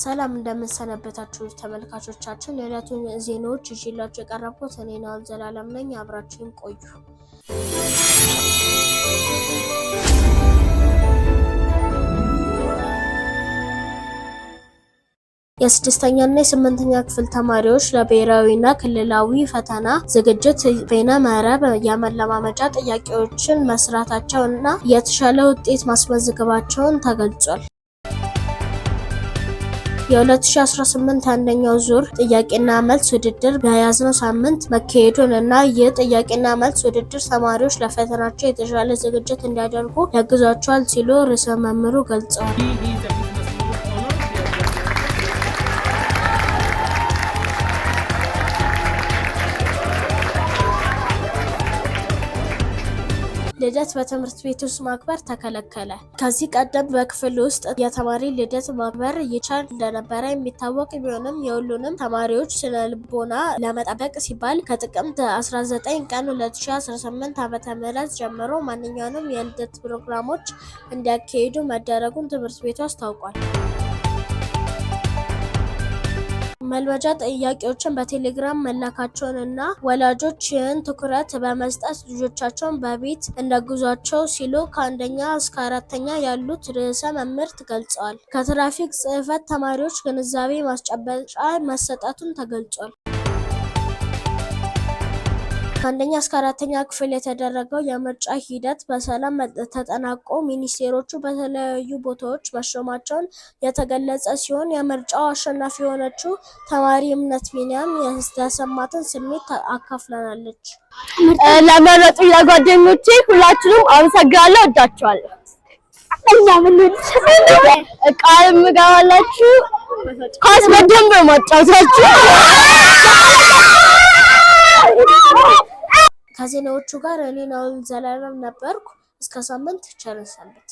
ሰላም እንደምንሰነበታችሁ ተመልካቾቻችን፣ የዕለቱን ዜናዎች ይዤላችሁ የቀረብኩት እኔ ናሁል ዘላለም ነኝ። አብራችሁን ቆዩ። የስድስተኛና የስምንተኛ ክፍል ተማሪዎች ለብሔራዊና ክልላዊ ፈተና ዝግጅት በይነ መረብ የመለማመጃ ጥያቄዎችን መስራታቸውና የተሻለ ውጤት ማስመዝገባቸውን ተገልጿል። የ2018 አንደኛው ዙር ጥያቄና መልስ ውድድር በያዝነው ሳምንት መካሄዱን እና ይህ ጥያቄና መልስ ውድድር ተማሪዎች ለፈተናቸው የተሻለ ዝግጅት እንዲያደርጉ ያግዟቸዋል ሲሉ ርዕሰ መምህሩ ገልጸዋል። ልደት በትምህርት ቤት ውስጥ ማክበር ተከለከለ። ከዚህ ቀደም በክፍል ውስጥ የተማሪ ልደት ማክበር ይቻል እንደነበረ የሚታወቅ ቢሆንም የሁሉንም ተማሪዎች ስነ ልቦና ለመጠበቅ ሲባል ከጥቅምት 19 ቀን 2018 ም ጀምሮ ማንኛውንም የልደት ፕሮግራሞች እንዲያካሄዱ መደረጉን ትምህርት ቤቱ አስታውቋል። መልበጃ ጥያቄዎችን በቴሌግራም መላካቸውን እና ወላጆች ይህን ትኩረት በመስጠት ልጆቻቸውን በቤት እንደጉዟቸው ሲሉ ከአንደኛ እስከ አራተኛ ያሉት ርዕሰ መምህርት ገልጸዋል። ከትራፊክ ጽህፈት ተማሪዎች ግንዛቤ ማስጨበጫ መሰጠቱን ተገልጿል። ከአንደኛ እስከ አራተኛ ክፍል የተደረገው የምርጫ ሂደት በሰላም ተጠናቆ ሚኒስቴሮቹ በተለያዩ ቦታዎች መሾማቸውን የተገለጸ ሲሆን የምርጫው አሸናፊ የሆነችው ተማሪ እምነት ቢንያም የተሰማትን ስሜት አካፍለናለች። ለመረጡ ለጓደኞቼ ሁላችንም አመሰግናለሁ፣ እወዳችኋለሁ። ቃል ምገባላችሁ ኳስ በደንብ ማጫወታችሁ ከዜናዎቹ ጋር እኔ ናሁል ዘላለም ነበርኩ። እስከ ሳምንት ቸር ሰንብቱ።